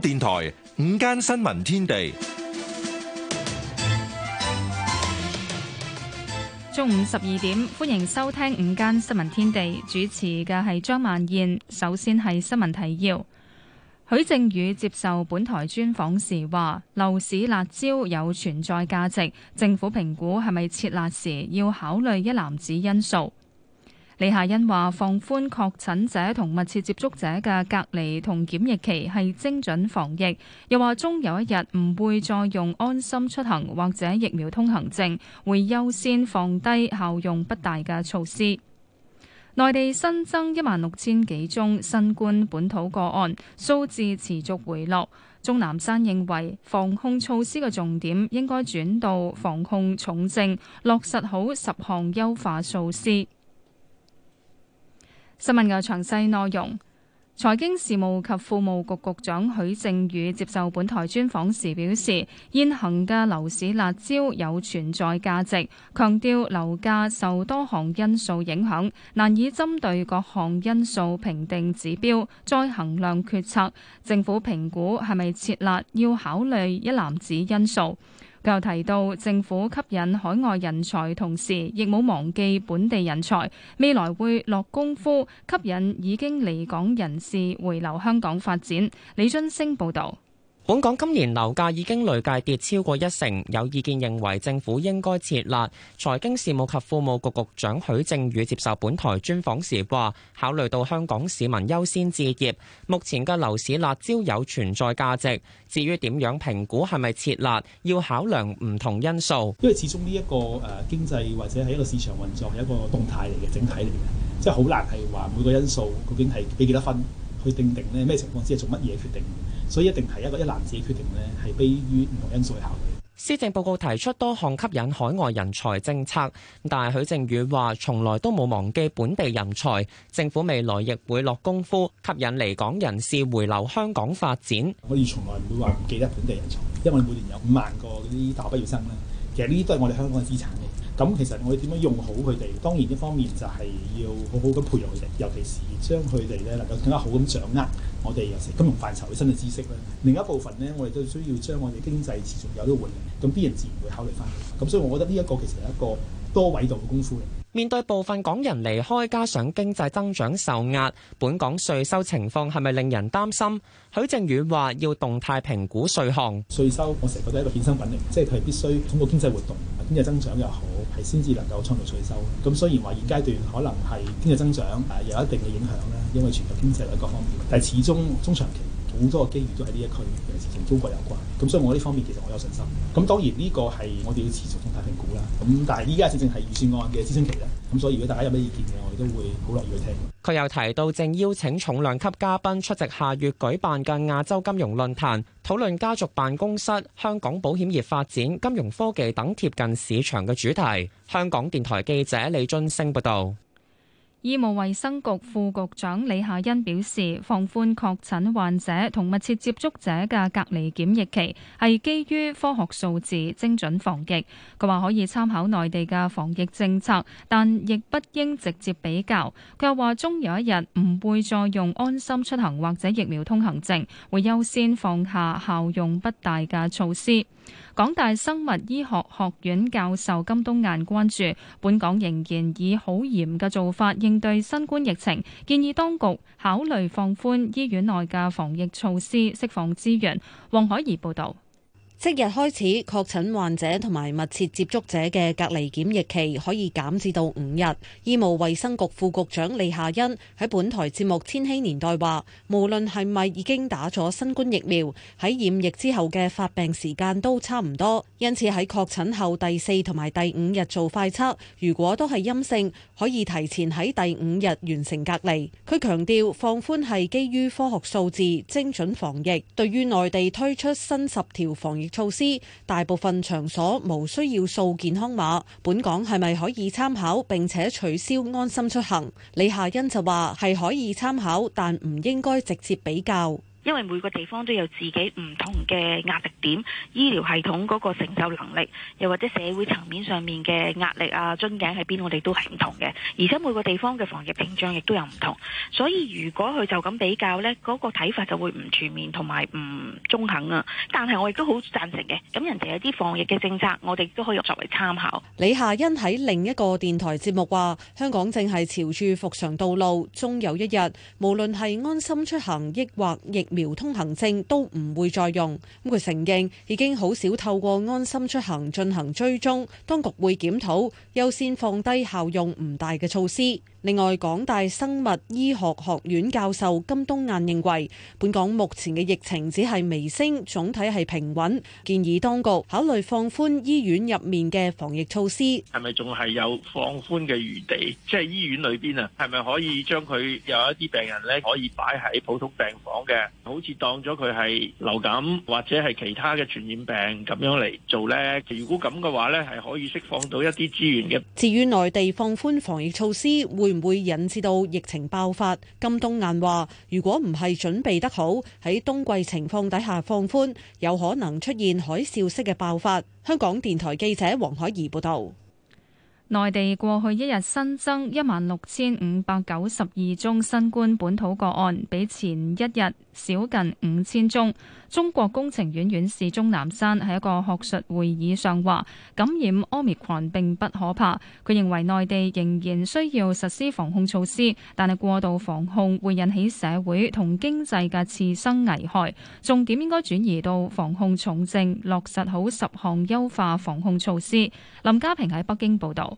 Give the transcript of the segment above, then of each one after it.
電台午間新聞天地，中午十二點，歡迎收聽午間新聞天地。主持嘅係張曼燕。首先係新聞提要。許正宇接受本台專訪時話，樓市辣招有存在價值。政府評估係咪撤辣時要考慮一籃子因素。李夏欣話：放寬確診者同密切接觸者嘅隔離同檢疫期係精準防疫。又話：終有一日唔會再用安心出行或者疫苗通行證，會優先放低效用不大嘅措施。內地新增一萬六千幾宗新冠本土個案，數字持續回落。鐘南山認為，防控措施嘅重點應該轉到防控重症，落實好十項優化措施。新聞嘅詳細內容，財經事務及庫務局局長許正宇接受本台專訪時表示，現行嘅樓市辣招有存在價值，強調樓價受多項因素影響，難以針對各項因素評定指標，再衡量決策。政府評估係咪設立，要考慮一籃子因素。佢又提到，政府吸引海外人才同時，亦冇忘記本地人才，未來會落功夫吸引已經離港人士回流香港發展。李津升報道。本港今年樓價已經累計跌超過一成，有意見認為政府應該撤辣。財經事務及庫務局局長許正宇接受本台專訪時話：考慮到香港市民優先置業，目前嘅樓市辣招有存在價值。至於點樣評估係咪撤辣，要考量唔同因素。因為始終呢一個誒經濟或者係一個市場運作，係一個動態嚟嘅，整體嚟嘅，即係好難係話每個因素究竟係俾幾多分。定定什麼什麼決定咧，咩情況之下做乜嘢決定，所以一定係一個一攬子決定咧，係基於唔同因素考慮嘅。施政報告提出多項吸引海外人才政策，但係許正宇話：從來都冇忘記本地人才，政府未來亦會落功夫吸引離港人士回流香港發展。我哋從來唔會話唔記得本地人才，因為我哋每年有五萬個嗰啲大學畢業生啦，其實呢啲都係我哋香港嘅資產嚟。咁其實我哋點樣用好佢哋？當然一方面就係要好好咁培育佢哋，尤其是將佢哋咧能夠更加好咁掌握我哋尤其是金融範疇嘅新嘅知識咧。另一部分咧，我哋都需要將我哋經濟持續有得活躍，咁啲人自然會考慮翻。咁所以我覺得呢一個其實係一個多維度嘅功夫嚟。面對部分港人離開，加上經濟增長受壓，本港稅收情況係咪令人擔心？許正宇話：要動態評估稅項，稅收我成日覺得係一個衍生品嚟，即係佢係必須通過經濟活動、經濟增長又好，係先至能夠創造稅收。咁雖然話現階段可能係經濟增長誒有一定嘅影響咧，因為全球經濟喺各方面，但係始終中長期。咁多個機遇都喺呢一區，同中國有關。咁所以我呢方面其實我有信心。咁當然呢個係我哋要持續動態評估啦。咁但係依家正正係預算案嘅諮詢期啦。咁所以如果大家有咩意見嘅，我哋都會好樂意去聽。佢又提到正邀請重量級嘉賓出席下月舉辦嘅亞洲金融論壇，討論家族辦公室、香港保險業發展、金融科技等貼近市場嘅主題。香港電台記者李進勝報道。醫務衛生局副局長李夏茵表示，放寬確診患者同密切接觸者嘅隔離檢疫期係基於科學數字，精準防疫。佢話可以參考內地嘅防疫政策，但亦不應直接比較。佢又話，終有一日唔會再用安心出行或者疫苗通行證，會優先放下效用不大嘅措施。港大生物醫學學院教授金冬雁關注，本港仍然以好嚴嘅做法應對新冠疫情，建議當局考慮放寬醫院內嘅防疫措施，釋放資源。王海怡報道。即日開始，確診患者同埋密切接觸者嘅隔離檢疫期可以減至到五日。醫務衛生局副局長李夏茵喺本台節目《千禧年代》話：無論係咪已經打咗新冠疫苗，喺染疫之後嘅發病時間都差唔多，因此喺確診後第四同埋第五日做快測，如果都係陰性，可以提前喺第五日完成隔離。佢強調放寬係基於科學數字，精準防疫。對於內地推出新十條防疫，措施大部分場所無需要掃健康碼，本港係咪可以參考並且取消安心出行？李夏茵就話係可以參考，但唔應該直接比較。因為每個地方都有自己唔同嘅壓力點，醫療系統嗰個承受能力，又或者社會層面上面嘅壓力啊、樽頸喺邊，我哋都係唔同嘅。而且每個地方嘅防疫屏障亦都有唔同，所以如果佢就咁比較咧，嗰個睇法就會唔全面同埋唔中肯啊。但係我亦都好讚成嘅。咁人哋有啲防疫嘅政策，我哋都可以作為參考。李夏茵喺另一個電台節目話：香港正係朝住復常道路，終有一日，無論係安心出行，抑或疫苗通行證都唔會再用，咁佢承認已經好少透過安心出行進行追蹤，當局會檢討優先放低效用唔大嘅措施。另外，港大生物醫學學院教授金冬雁認為，本港目前嘅疫情只係微升，總體係平穩，建議當局考慮放寬醫院入面嘅防疫措施。係咪仲係有放寬嘅餘地？即係醫院裏邊啊，係咪可以將佢有一啲病人咧，可以擺喺普通病房嘅，好似當咗佢係流感或者係其他嘅傳染病咁樣嚟做咧？如果咁嘅話咧，係可以釋放到一啲資源嘅。至於內地放寬防疫措施會？會引致到疫情爆發。金冬燕話：如果唔係準備得好，喺冬季情況底下放寬，有可能出現海嘯式嘅爆發。香港電台記者黃海怡報道，內地過去一日新增一萬六千五百九十二宗新冠本土個案，比前一日少近五千宗。中國工程院院士鐘南山喺一個學術會議上話，感染奧密 o n 並不可怕。佢認為內地仍然需要實施防控措施，但係過度防控會引起社會同經濟嘅次生危害。重點應該轉移到防控重症，落實好十項優化防控措施。林家平喺北京報道。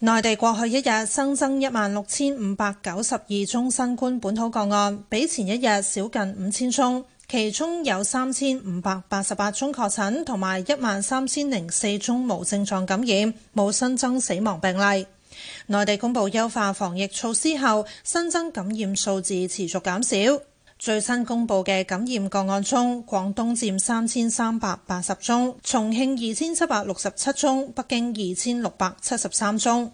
內地過去一日新增一萬六千五百九十二宗新冠本土個案，比前一日少近五千宗。其中有三千五百八十八宗確診，同埋一萬三千零四宗無症狀感染，冇新增死亡病例。內地公布優化防疫措施後，新增感染數字持續減少。最新公布嘅感染個案中，廣東佔三千三百八十宗，重慶二千七百六十七宗，北京二千六百七十三宗。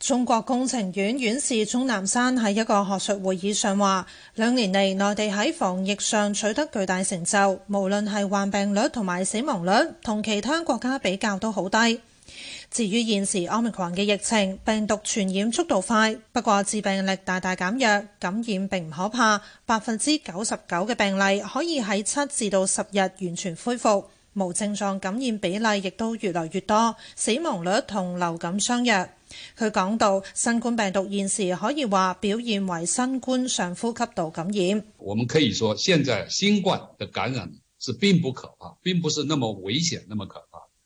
中國工程院院士鍾南山喺一個學術會議上話兩年嚟，內地喺防疫上取得巨大成就，無論係患病率同埋死亡率，同其他國家比較都好低。至於現時奧密克戎嘅疫情，病毒傳染速度快，不過致病力大大減弱，感染並唔可怕。百分之九十九嘅病例可以喺七至到十日完全恢復，無症狀感染比例亦都越來越多，死亡率同流感相若。佢講到新冠病毒現時可以話表現為新冠上呼吸道感染。我們可以說，現在新冠的感染是並不可怕，並不是那麼危險，那麼可怕。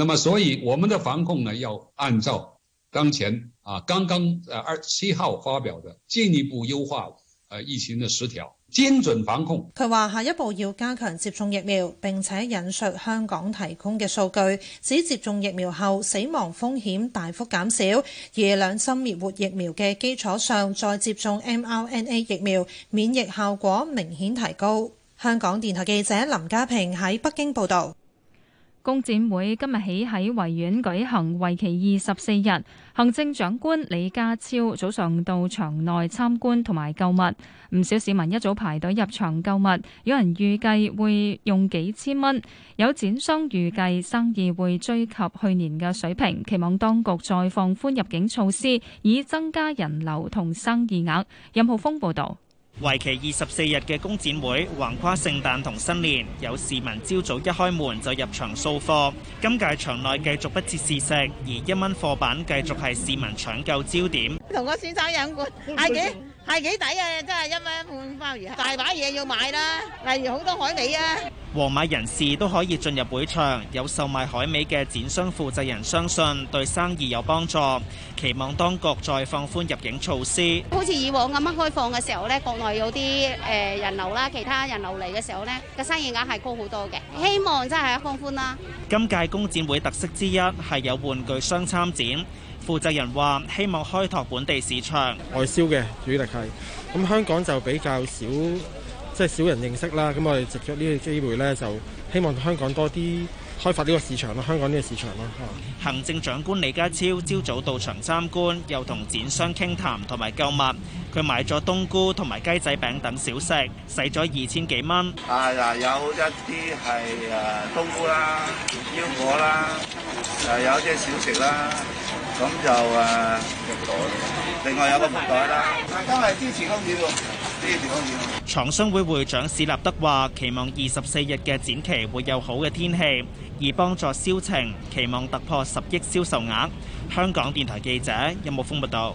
那麼所以我們的防控呢，要按照當前啊剛剛二十七號發表的進一步優化，疫情的十條精準防控。佢話下一步要加強接種疫苗，並且引述香港提供嘅數據，指接種疫苗後死亡風險大幅減少，而兩針滅活疫苗嘅基礎上再接種 mRNA 疫苗，免疫效果明顯提高。香港電台記者林家平喺北京報導。工展會今日起喺維園舉行，為期二十四日。行政長官李家超早上到場內參觀同埋購物，唔少市民一早排隊入場購物，有人預計會用幾千蚊。有展商預計生意會追及去年嘅水平，期望當局再放寬入境措施，以增加人流同生意額。任浩峰報道。為期二十四日嘅工展會橫跨聖誕同新年，有市民朝早一開門就入場掃貨。今屆場內繼續不設試食，而一蚊貨品繼續係市民搶購焦點。同個先生飲過，嗌嘅。係幾抵啊！真係一蚊半包魚，大把嘢要買啦，例如好多海味啊！黃碼人士都可以進入會場，有售賣海味嘅展商負責人相信對生意有幫助，期望當局再放寬入境措施。好似以往咁樣開放嘅時候呢，國內有啲誒人流啦，其他人流嚟嘅時候呢個生意額係高好多嘅，希望真係放寬啦。今屆工展會特色之一係有玩具商參展。負責人話：希望開拓本地市場、外銷嘅主力係咁。香港就比較少，即係少人認識啦。咁我哋藉著呢個機會咧，就希望香港多啲開發呢個市場啦，香港呢個市場啦。行政長官李家超朝早到場參觀，又同展商傾談同埋購物。佢買咗冬菇同埋雞仔餅等小食，使咗二千幾蚊。啊嗱，有一啲係誒冬菇啦、腰果啦，誒有啲小食啦。咁就誒，門袋。另外有個門袋啦。大家係支持空調，支持空調。廠商會會長史立德話：期望二十四日嘅展期會有好嘅天氣，而幫助銷情，期望突破十億銷售額。香港電台記者任木風報道。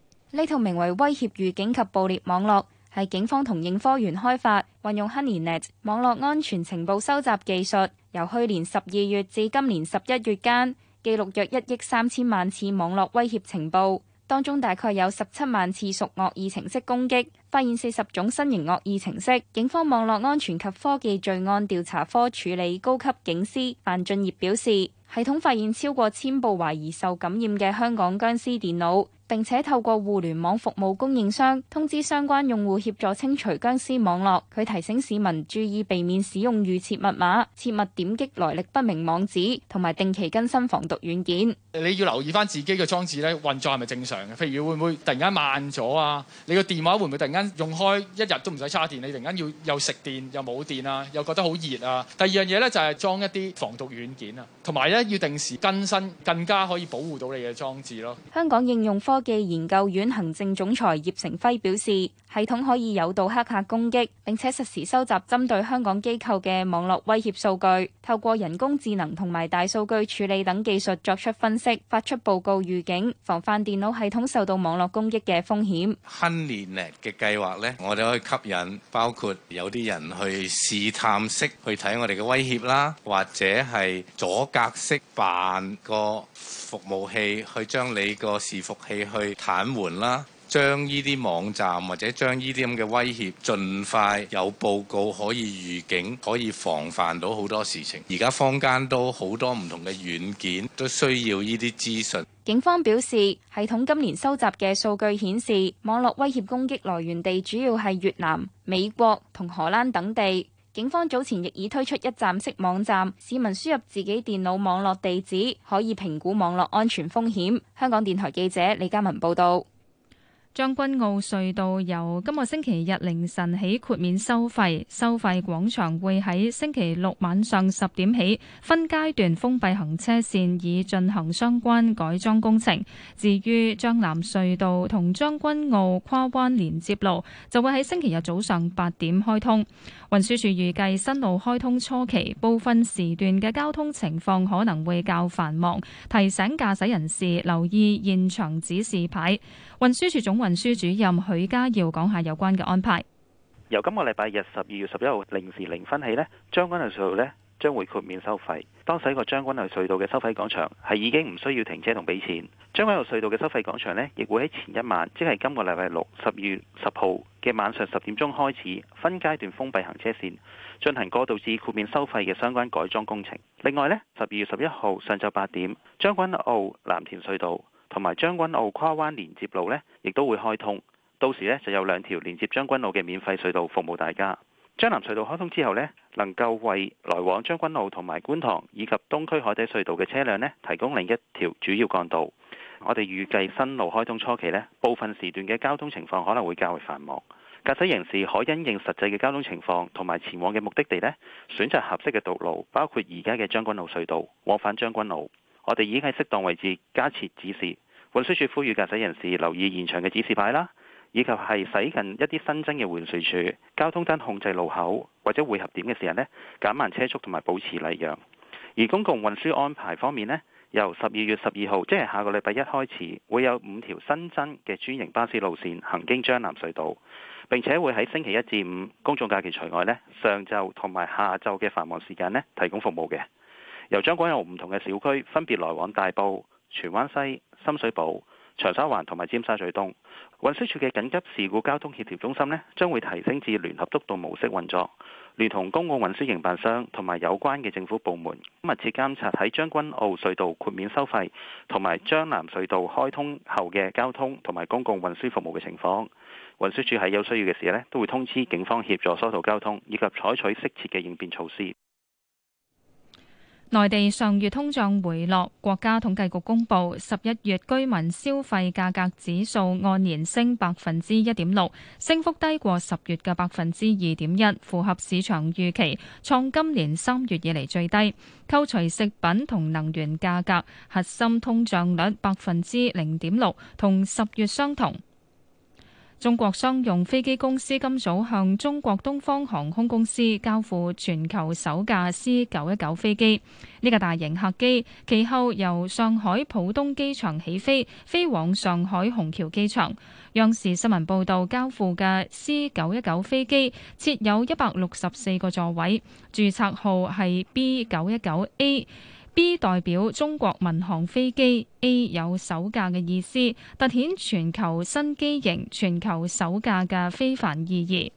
呢套名為威脅預警及暴裂網絡，係警方同應科員開發，運用 HoneyNet 網絡安全情報收集技術，由去年十二月至今年十一月間記錄約一億三千萬次網絡威脅情報，當中大概有十七萬次屬惡意程式攻擊，發現四十種新型惡意程式。警方網絡安全及科技罪案調查科處理高級警司范俊業表示，系統發現超過千部懷疑受感染嘅香港僵屍電腦。並且透過互聯網服務供應商通知相關用戶協助清除僵屍網絡。佢提醒市民注意避免使用預設密碼、切勿點擊來歷不明網址，同埋定期更新防毒軟件。你要留意翻自己嘅裝置咧運作係咪正常嘅？譬如會唔會突然間慢咗啊？你個電話會唔會突然間用開一日都唔使插電？你突然間要又食電又冇電啊？又覺得好熱啊？第二樣嘢咧就係裝一啲防毒軟件啊，同埋咧要定時更新，更加可以保護到你嘅裝置咯。香港應用科科技研究院行政總裁葉成輝表示，系統可以誘導黑客攻擊，並且實時收集針對香港機構嘅網絡威脅數據，透過人工智能同埋大數據處理等技術作出分析，發出報告預警，防範電腦系統受到網絡攻擊嘅風險。Honeynet 嘅計劃咧，我哋可以吸引包括有啲人去試探式去睇我哋嘅威脅啦，或者係阻隔式扮個。服務器去將你個伺服器去癱瘓啦，將呢啲網站或者將呢啲咁嘅威脅，盡快有報告可以預警，可以防範到好多事情。而家坊間都好多唔同嘅軟件都需要呢啲資訊。警方表示，系統今年收集嘅數據顯示，網絡威脅攻擊來源地主要係越南、美國同荷蘭等地。警方早前亦已推出一站式網站，市民輸入自己電腦網絡地址，可以評估網絡安全風險。香港電台記者李嘉文報道。將軍澳隧道由今個星期日凌晨起豁免收費，收費廣場會喺星期六晚上十點起分階段封閉行車線，以進行相關改裝工程。至於將藍隧道同將軍澳跨灣連接路，就會喺星期日早上八點開通。運輸署預計新路開通初期，部分時段嘅交通情況可能會較繁忙，提醒駕駛人士留意現場指示牌。運輸處總運輸主任許家耀講下有關嘅安排。由今個禮拜日十二月十一號零時零分起咧，將軍澳隧道咧將會豁免收費。當駛過將軍澳隧道嘅收費廣場係已經唔需要停車同俾錢。將軍澳隧道嘅收費廣場咧，亦會喺前一晚，即係今個禮拜六十二月十號嘅晚上十點鐘開始，分階段封閉行車線，進行過渡至豁免收費嘅相關改裝工程。另外呢，十二月十一號上晝八點，將軍澳藍田隧道，同埋將軍澳跨灣連接路呢，亦都會開通。到時呢，就有兩條連接將軍澳嘅免費隧道服務大家。將藍隧道開通之後呢，能夠為來往將軍澳同埋觀塘以及東區海底隧道嘅車輛呢，提供另一條主要幹道。我哋預計新路開通初期呢，部分時段嘅交通情況可能會較為繁忙。駕駛人士可因應實際嘅交通情況同埋前往嘅目的地呢，選擇合適嘅道路，包括而家嘅將軍澳隧道往返將軍澳。我哋已經喺適當位置加設指示，運輸署呼籲駕駛人士留意現場嘅指示牌啦，以及係駛近一啲新增嘅匯水處、交通燈控制路口或者匯合點嘅時候呢，減慢車速同埋保持禮讓。而公共運輸安排方面呢，由十二月十二號，即係下個禮拜一開始，會有五條新增嘅專營巴士路線行經將藍隧道，並且會喺星期一至五公眾假期除外呢，上晝同埋下晝嘅繁忙時間呢，提供服務嘅。由將軍澳唔同嘅小區分別來往大埔、荃灣西、深水埗、長沙灣同埋尖沙咀東。運輸署嘅緊急事故交通協調中心呢，將會提升至聯合督導模式運作，聯同公共運輸營辦商同埋有關嘅政府部門密切監察喺將軍澳隧道豁免收費同埋將南隧道開通後嘅交通同埋公共運輸服務嘅情況。運輸署喺有需要嘅時候呢，都會通知警方協助疏導交通，以及採取適切嘅應變措施。內地上月通脹回落，國家統計局公布十一月居民消費價格指數按年升百分之一點六，升幅低過十月嘅百分之二點一，符合市場預期，創今年三月以嚟最低。扣除食品同能源價格，核心通脹率百分之零點六，同十月相同。中國商用飛機公司今早向中國東方航空公司交付全球首架 C 九一九飛機，呢架大型客機其後由上海浦東機場起飛，飛往上海虹橋機場。央視新聞報道，交付嘅 C 九一九飛機設有一百六十四個座位，注冊號係 B 九一九 A，B 代表中國民航飛機 A 有首架嘅意思，凸顯全球新機型、全球首架嘅非凡意義。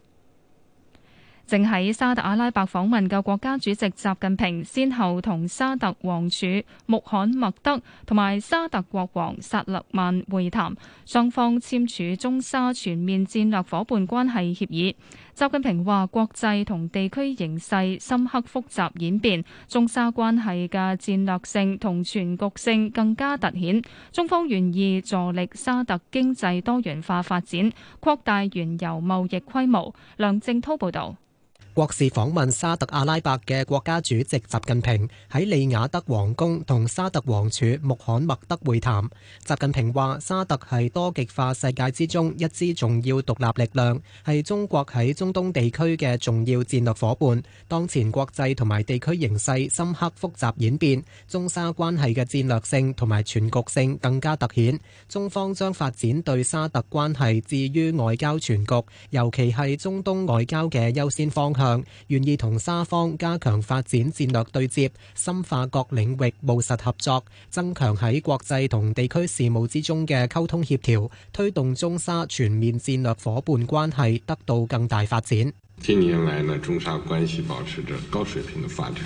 正喺沙特阿拉伯訪問嘅國家主席習近平，先後同沙特王儲穆罕默德同埋沙特國王薩勒曼會談，雙方簽署中沙全面戰略伙伴關係協議。習近平話：國際同地區形勢深刻複雜演變，中沙關係嘅戰略性同全局性更加突顯。中方願意助力沙特經濟多元化發展，擴大原油貿易規模。梁正滔報導。國事訪問沙特阿拉伯嘅國家主席習近平喺利雅德王宮同沙特王儲穆罕默德會談。習近平話：沙特係多極化世界之中一支重要獨立力量，係中國喺中東地區嘅重要戰略伙伴。當前國際同埋地區形勢深刻複雜演變，中沙關係嘅戰略性同埋全局性更加突顯。中方將發展對沙特關係置於外交全局，尤其係中東外交嘅優先方向。願意同沙方加強發展戰略對接，深化各領域務實合作，增強喺國際同地區事務之中嘅溝通協調，推動中沙全面戰略伙伴關係得到更大發展。近年來呢，中沙關係保持着高水平的發展，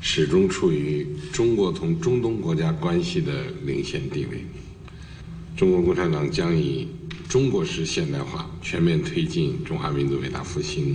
始終處於中國同中東國家關係的領先地位。中國共產黨將以中國式現代化全面推進中華民族偉大復興。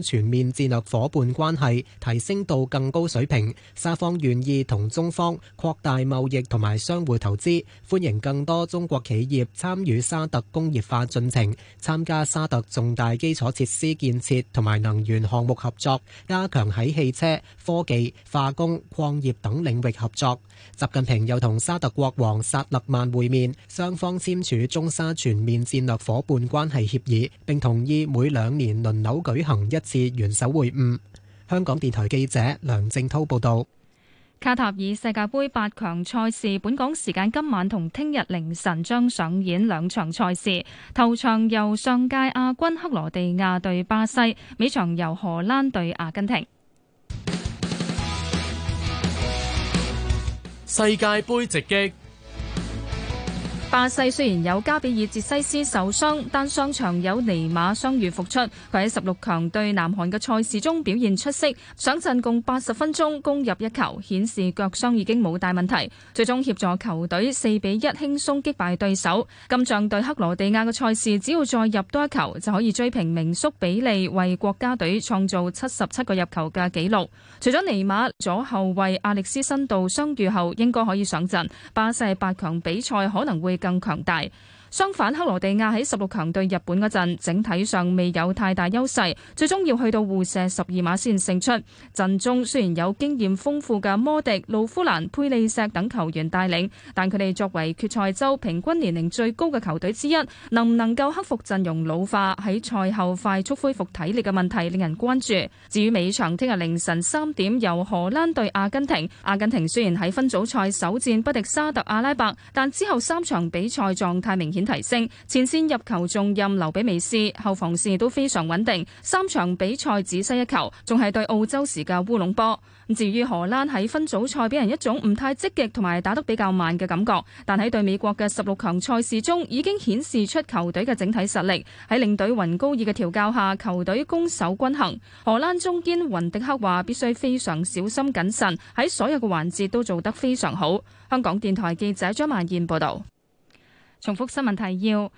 全面戰略夥伴關係提升到更高水平，沙方願意同中方擴大貿易同埋相互投資，歡迎更多中國企業參與沙特工業化進程，參加沙特重大基礎設施建設同埋能源項目合作，加強喺汽車、科技、化工、礦業等領域合作。習近平又同沙特國王薩勒曼會面，雙方簽署中沙全面戰略夥伴關係協議，並同意每兩年輪流舉行一。至元首會晤。香港電台記者梁正濤報道：卡塔爾世界盃八強賽事，本港時間今晚同聽日凌晨將上演兩場賽事，頭場由上屆亞軍克羅地亞對巴西，尾場由荷蘭對阿根廷。世界盃直擊。巴西雖然有加比爾哲西斯受傷，但上場有尼馬傷愈復出。佢喺十六強對南韓嘅賽事中表現出色，上陣共八十分鐘攻入一球，顯示腳傷已經冇大問題。最終協助球隊四比一輕鬆擊敗對手。今仗對克羅地亞嘅賽事，只要再入多一球就可以追平名宿比利為國家隊創造七十七個入球嘅紀錄。除咗尼馬，左後衞阿力斯申度傷愈後應該可以上陣，巴西八強比賽可能會。更強大。相反，克羅地亞喺十六強對日本嗰陣，整體上未有太大優勢，最終要去到互射十二碼先勝出。陣中雖然有經驗豐富嘅摩迪、魯夫蘭、佩利錫等球員帶領，但佢哋作為決賽周平均年齡最高嘅球隊之一，能唔能夠克服陣容老化喺賽後快速恢復體力嘅問題，令人關注。至於尾場，聽日凌晨三點由荷蘭對阿根廷。阿根廷雖然喺分組賽首戰不敵沙特阿拉伯，但之後三場比賽狀態明顯提升前線入球重任，留畀美斯，後防線亦都非常穩定，三場比賽只失一球，仲係對澳洲時嘅烏龍波。至於荷蘭喺分組賽俾人一種唔太積極同埋打得比較慢嘅感覺，但喺對美國嘅十六強賽事中，已經顯示出球隊嘅整體實力。喺領隊雲高爾嘅調教下，球隊攻守均衡。荷蘭中堅雲迪克話：必須非常小心謹慎，喺所有嘅環節都做得非常好。香港電台記者張曼燕報道。重複新聞提要：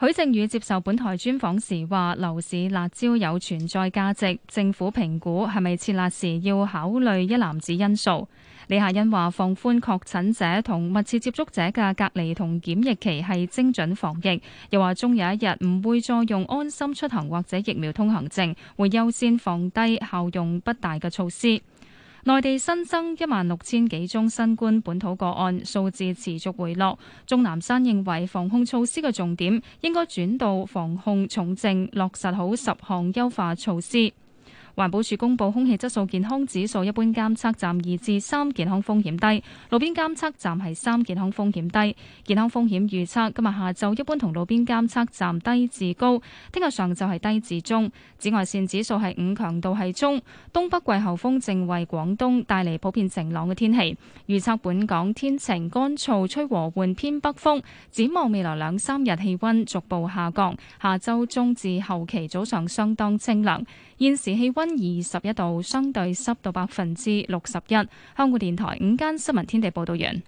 許正宇接受本台專訪時話，樓市辣招有存在價值。政府評估係咪撤辣時要考慮一籃子因素。李夏茵話，放寬確診者同密切接觸者嘅隔離同檢疫期係精準防疫。又話終有一日唔會再用安心出行或者疫苗通行證，會優先放低效用不大嘅措施。內地新增一萬六千幾宗新冠本土個案，數字持續回落。鍾南山認為，防控措施嘅重點應該轉到防控重症，落實好十項優化措施。環保署公布空氣質素健康指數，一般監測站二至三，健康風險低；路邊監測站係三，健康風險低。健康風險預測今日下晝一般同路邊監測站低至高，聽日上晝係低至中。紫外線指數係五，強度係中。東北季候風正為廣東帶嚟，普遍晴朗嘅天氣，預測本港天晴乾燥，吹和緩偏北風。展望未來兩三日氣溫逐步下降，下周中至後期早上相當清涼。現時氣溫二十一度，相對濕度百分之六十一。香港電台午間新聞天地報道員，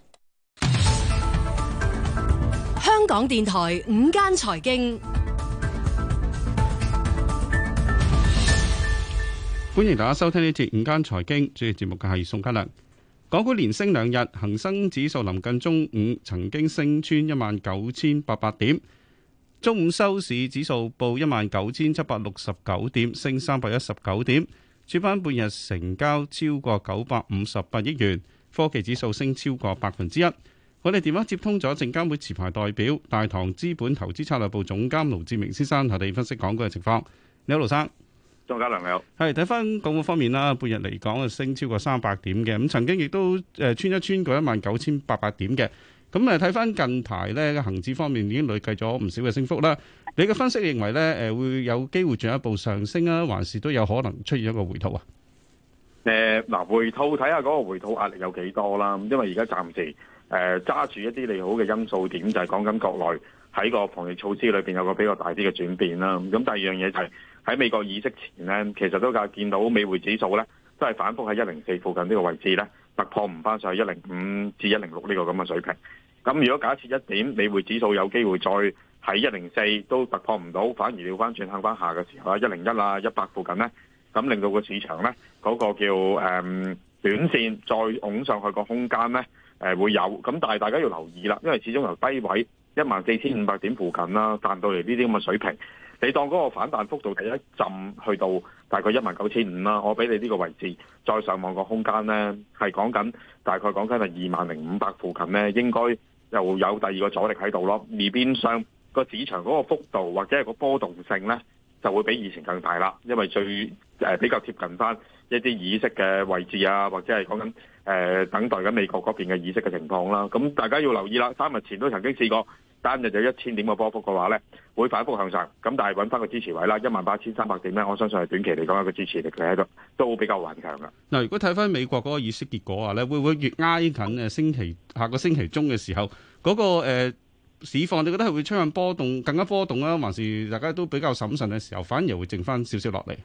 香港電台午間財經，歡迎大家收聽呢節午間財經。主持節目嘅係宋嘉良。港股連升兩日，恒生指數臨近中午，曾經升穿一萬九千八百點。中午收市指數報一萬九千七百六十九點，升三百一十九點。主板半日成交超過九百五十八億元，科技指數升超過百分之一。我哋電話接通咗證監會持牌代表大堂資本投資策略部總監盧志明先生，同你分析港股嘅情況。你好，盧生。鍾嘉良，你好，係睇翻港股方面啦，半日嚟講啊，升超過三百點嘅，咁曾經亦都誒穿一穿過一萬九千八百點嘅。咁睇翻近排咧個恆指方面已經累計咗唔少嘅升幅啦。你嘅分析認為咧誒會有機會進一步上升啊，還是都有可能出現一個回吐啊？嗱，回吐睇下嗰個回吐壓力有幾多啦。咁因為而家暫時誒揸住一啲利好嘅因素點就係、是、講緊國內喺個防疫措施裏面有個比較大啲嘅轉變啦。咁第二樣嘢就係、是、喺美國議息前咧，其實都較見到美匯指數咧都係反覆喺一零四附近呢個位置咧。突破唔翻上去一零五至一零六呢個咁嘅水平，咁如果假設一點，美元指數有機會再喺一零四都突破唔到，反而要翻轉向翻下嘅時候啦，一零一啊一百附近呢，咁令到個市場呢嗰、那個叫誒、嗯、短線再拱上去個空間呢，誒會有，咁但係大家要留意啦，因為始終由低位一萬四千五百點附近啦彈到嚟呢啲咁嘅水平。你當嗰個反彈幅度係一浸去到大概一萬九千五啦，我俾你呢個位置，再上望個空間呢，係講緊大概講緊係二萬零五百附近呢，應該又有第二個阻力喺度咯。而邊上個市場嗰個幅度或者係個波動性呢，就會比以前更大啦，因為最誒、呃、比較貼近翻一啲議息嘅位置啊，或者係講緊誒等待緊美國嗰邊嘅議息嘅情況啦。咁大家要留意啦，三日前都曾經試過。單日就有一千點嘅波幅嘅話咧，會反覆向上，咁但係揾翻個支持位啦，一萬八千三百點咧，我相信係短期嚟講一個支持力佢喺度，都比較頑強嘅。嗱，如果睇翻美國嗰個議息結果啊咧，會唔會越挨近嘅星期下個星期中嘅時候，嗰、個、呃、市況你覺得係會出現波動更加波動啊，還是大家都比較審慎嘅時候，反而會剩翻少少落嚟？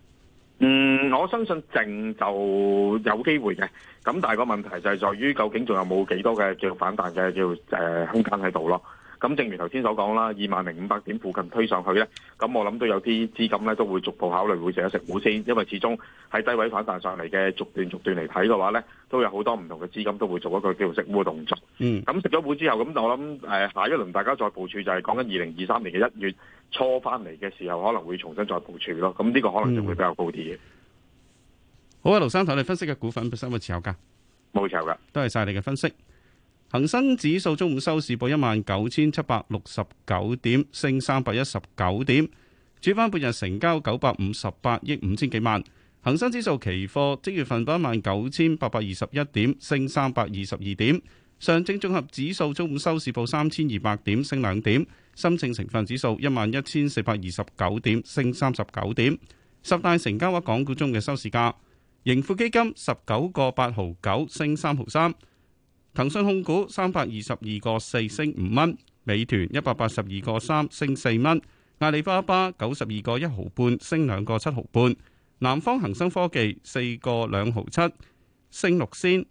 嗯，我相信剩就有機會嘅，咁但係個問題就係在於，究竟仲有冇幾多嘅叫反彈嘅叫誒空間喺度咯？咁正如頭先所講啦，二萬零五百點附近推上去咧，咁我諗都有啲資金咧都會逐步考慮會成日食股先，因為始終喺低位反彈上嚟嘅，逐段逐段嚟睇嘅話咧，都有好多唔同嘅資金都會做一個叫做食股嘅動作。嗯，咁食咗股之後，咁就我諗誒下一輪大家再部署就係講緊二零二三年嘅一月初翻嚟嘅時候，可能會重新再部署咯。咁呢個可能就會比較高啲嘅、嗯。好啊，劉生，睇你分析嘅股份，收持有嘅？冇收嘅。多謝晒你嘅分析。恒生指數中午收市報一萬九千七百六十九點，升三百一十九點。主板半日成交九百五十八億五千幾萬。恒生指數期貨即月份報一萬九千八百二十一點，升三百二十二點。上證綜合指數中午收市報三千二百點，升兩點。深證成分指數一萬一千四百二十九點，升三十九點。十大成交額港股中嘅收市價，盈富基金十九個八毫九，升三毫三。騰訊控股三百二十二個四升五蚊，美團一百八十二個三升四蚊，阿里巴巴九十二個一毫半升兩個七毫半，南方恒生科技四個兩毫七升六仙，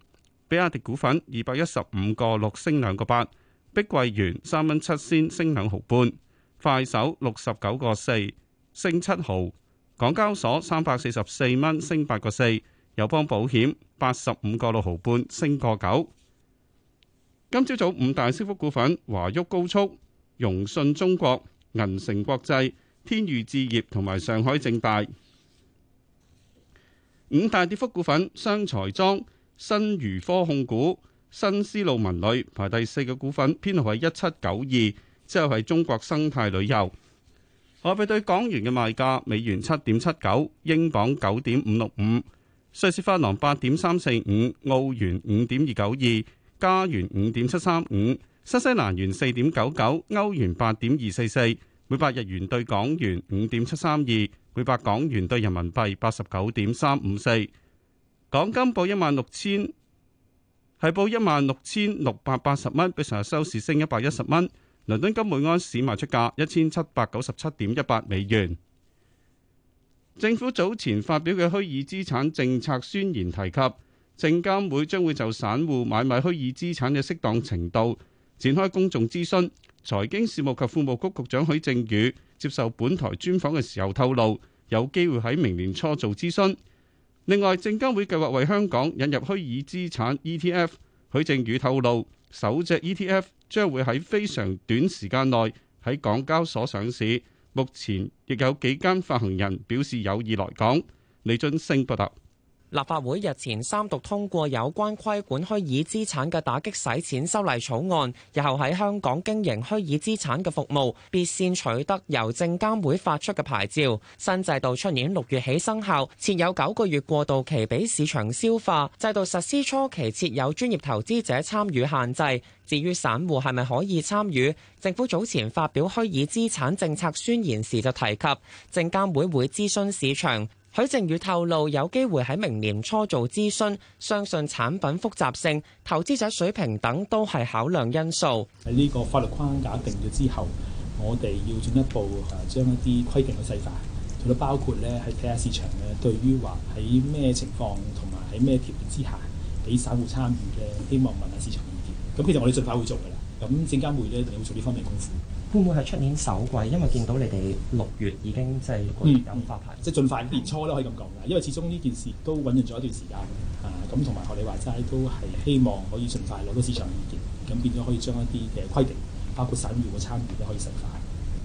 比亞迪股份二百一十五個六升兩個八，碧桂園三蚊七仙升兩毫半，快手六十九個四升七毫，港交所三百四十四蚊升八個四，友邦保險八十五個六毫半升個九。今朝早,早五大升幅股份：華旭高速、融信中國、銀城國際、天譽置業同埋上海正大。五大跌幅股份：商財莊、新漁科控股、新絲路文旅。排第四嘅股份編號係一七九二，之後係中國生態旅遊。貨幣對港元嘅賣價：美元七點七九，英鎊九點五六五，瑞士法郎八點三四五，澳元五點二九二。加元五點七三五，新西蘭元四點九九，歐元八點二四四，每百日元兌港元五點七三二，每百港元兌人民幣八十九點三五四。港金報一萬六千，係報一萬六千六百八十蚊，比上日收市升一百一十蚊。倫敦金每安士賣出價一千七百九十七點一八美元。政府早前發表嘅虛擬資產政策宣言提及，證監會將會就散戶買賣虛擬資產嘅適當程度展開公眾諮詢。財經事務及庫務局局，局長許正宇接受本台專訪嘅時候透露，有機會喺明年初做諮詢，另外，證監會計劃為香港引入虛擬資產 ETF。許正宇透露，首隻 ETF 將會喺非常短時間內喺港交所上市。目前亦有幾間發行人表示有意來港。李俊升報道。立法會日前三讀通過有關規管虛擬資產嘅打擊洗錢修例草案，日後喺香港經營虛擬資產嘅服務，必先取得由證監會發出嘅牌照。新制度出年六月起生效，設有九個月過渡期俾市場消化。制度實施初期設有專業投資者參與限制，至於散戶係咪可以參與？政府早前發表虛擬資產政策宣言時就提及，證監會會諮詢市場。許正宇透露有機會喺明年初做諮詢，相信產品複雜性、投資者水平等都係考量因素。喺呢個法律框架定咗之後，我哋要進一步誒將一啲規定去細化，仲有包括咧，喺睇下市場咧對於話喺咩情況同埋喺咩條件之下俾散戶參與嘅，希望問下市場意見。咁其實我哋盡快會做㗎啦。咁證監會咧一定會做呢方面功夫。會唔會係出年首季？因為見到你哋六月已經即係、即係、有發牌，即、嗯、係、嗯即係、盡快年初都可以咁講嘅。因為始終呢件事都揾完咗一段時間。啊，咁同埋學你話齋都係希望可以盡快攞到市場意見，咁變咗可以將一啲嘅規定，包括散戶嘅參與都可以盡快。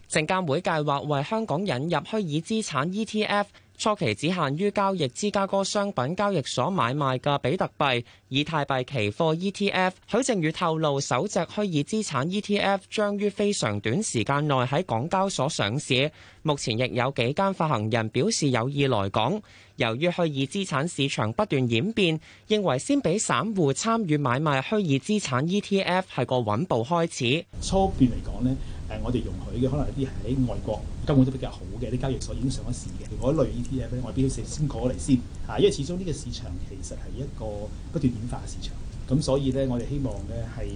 證監會計劃為香港引入虛擬資產 ETF。初期只限於交易芝加哥商品交易所買賣嘅比特幣、以太幣期貨 ETF。許正宇透露，首隻虛擬資產 ETF 將於非常短時間內喺港交所上市。目前亦有幾間發行人表示有意來港。由於虛擬資產市場不斷演變，認為先俾散戶參與買賣虛擬資產 ETF 係個穩步開始。初段嚟講咧，誒我哋容許嘅可能有啲係喺外國根本都比較好嘅啲交易所已經上咗市嘅，一類 ETF 咧外邊先過嚟先嚇，因為始終呢個市場其實係一個不斷演化嘅市場，咁所以咧我哋希望咧係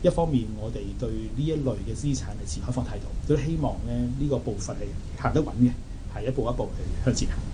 一方面我哋對呢一類嘅資產係持開放態度，都希望咧呢個步伐係行得穩嘅，係一步一步去向前行。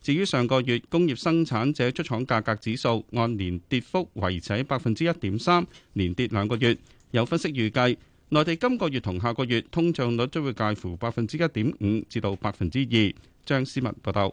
至於上個月工業生產者出廠價格指數按年跌幅維持喺百分之一點三，連跌兩個月。有分析預計，內地今個月同下個月通脹率將會介乎百分之一點五至到百分之二。張思文報道，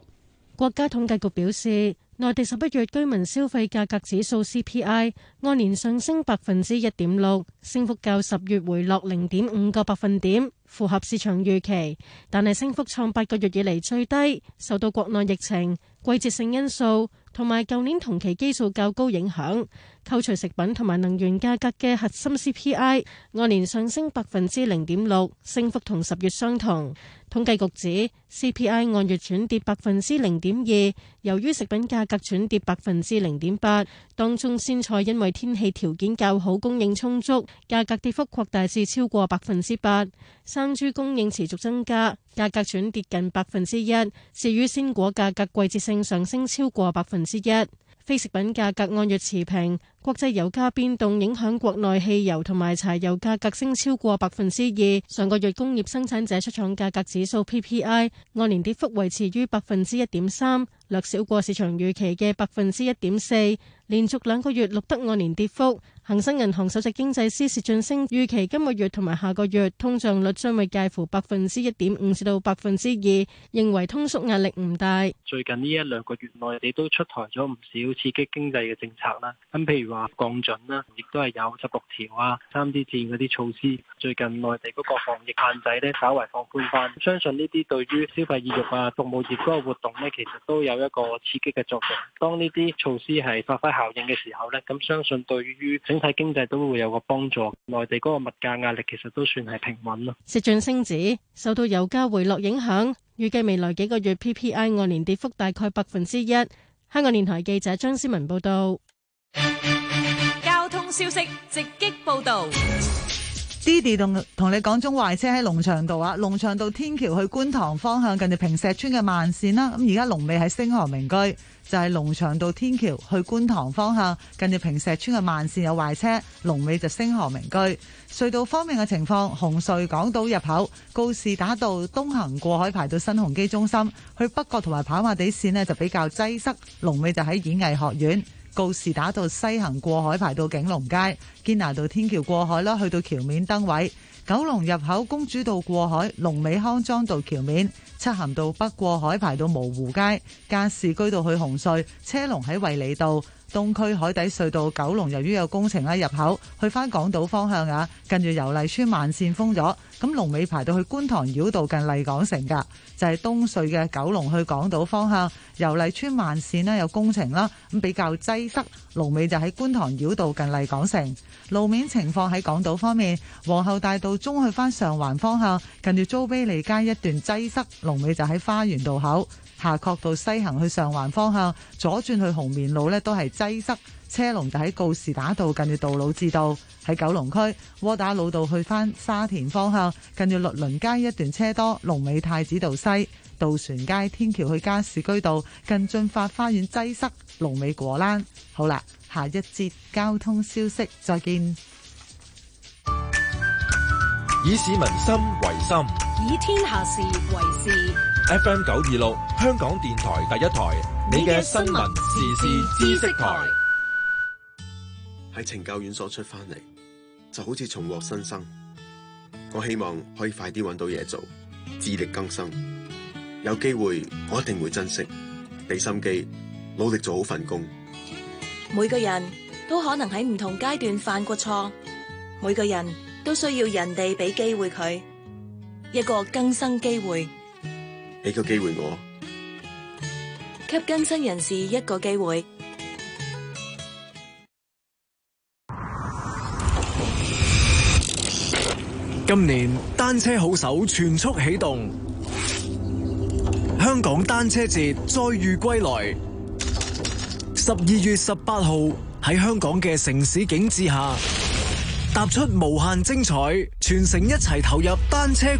國家統計局表示。內地十一月居民消費價格指數 CPI 按年上升百分之一點六，升幅較十月回落零點五個百分點，符合市場預期。但係升幅創八個月以嚟最低，受到國內疫情、季節性因素同埋舊年同期基數較高影響。扣除食品同埋能源價格嘅核心 CPI 按年上升百分之零點六，升幅同十月相同。統計局指 CPI 按月轉跌百分之零點二，由於食品價格轉跌百分之零點八，當中鮮菜因為天氣條件較好，供應充足，價格跌幅擴大至超過百分之八。生豬供應持續增加，價格轉跌近百分之一，至於鮮果價格季節性上升超過百分之一。非食品價格按月持平，國際油價變動影響國內汽油同埋柴油價格升超過百分之二。上個月工業生產者出廠價格指數 PPI 按年跌幅維持於百分之一點三，略少過市場預期嘅百分之一點四。連續兩個月錄得按年跌幅，恒生銀行首席經濟師薛俊升預期今個月同埋下個月通脹率將會介乎百分之一點五至到百分之二，認為通縮壓力唔大。最近呢一兩個月內地都出台咗唔少刺激經濟嘅政策啦，咁譬如話降準啦，亦都係有十六條啊三支箭嗰啲措施。最近內地嗰個防疫限制呢，稍為放寬翻，相信呢啲對於消費意欲啊、服務業嗰個活動呢，其實都有一個刺激嘅作用。當呢啲措施係發揮。效應嘅時候呢，咁相信對於整體經濟都會有個幫助。內地嗰個物價壓力其實都算係平穩咯。薛俊升指受到油價回落影響，預計未來幾個月 PPI 按年跌幅大概百分之一。香港電台記者張思文報道。交通消息直擊報導。d i 同同你講中壞車喺龍翔道啊，龍翔道天橋去，就是，去觀塘方向，近住平石村嘅慢線啦。咁而家龍尾喺星河明居，就係龍翔道天橋去觀塘方向，近住平石村嘅慢線有壞車，龍尾就星河明居。隧道方面嘅情況，紅隧港島入口、告士打道東行過海排到新鴻基中心，去北角同埋跑馬地線呢就比較擠塞，龍尾就喺演藝學院。告士打道西行過海排到景隆街，堅拿道天橋過海啦，去到橋面燈位。九龍入口公主道過海，龍尾康莊道橋面。漆咸道北過海排到蕪湖街，加士居道去紅隧，車龍喺衛理道。東區海底隧道九龍，由於有工程入口去翻港島方向啊，跟住油麗邨慢線封咗，咁龍尾排到去觀塘繞道近麗港城噶就係、是、東隧嘅九龍去港島方向，油麗邨慢線呢，有工程啦，咁比較擠塞，龍尾就喺觀塘繞道近麗港城。路面情況喺港島方面，皇后大道中去翻上環方向，跟住租庇利街一段擠塞，龍尾就喺花園道口。下慤道西行去上環方向，左轉去紅棉路呢都係擠塞車龍，就喺告士打道近住道路至道。喺九龍區窩打老道去翻沙田方向，近住律倫街一段車多，龍尾太子道西、渡船街天橋去加士居道近駿發花園擠塞，龍尾果欄。好啦，下一節交通消息再見。以市民心為心，以天下事為事。F M 九二六，香港電台第一台，你嘅新聞時事知識台。喺懲教院所出翻嚟，就好似重獲新生。我希望可以快啲揾到嘢做，自力更生。有機會，我一定會珍惜，俾心機，努力做好份工。每個人都可能喺唔同階段犯過錯，每個人都需要人哋俾機會佢一個更生機會。畀一個機會，我給更新人士一個機會。今年單車好手全速啟動，香港單車節再遇歸來。十二月十八號喺香港嘅城市景致下，踏出無限精彩，全城一齊投入單車。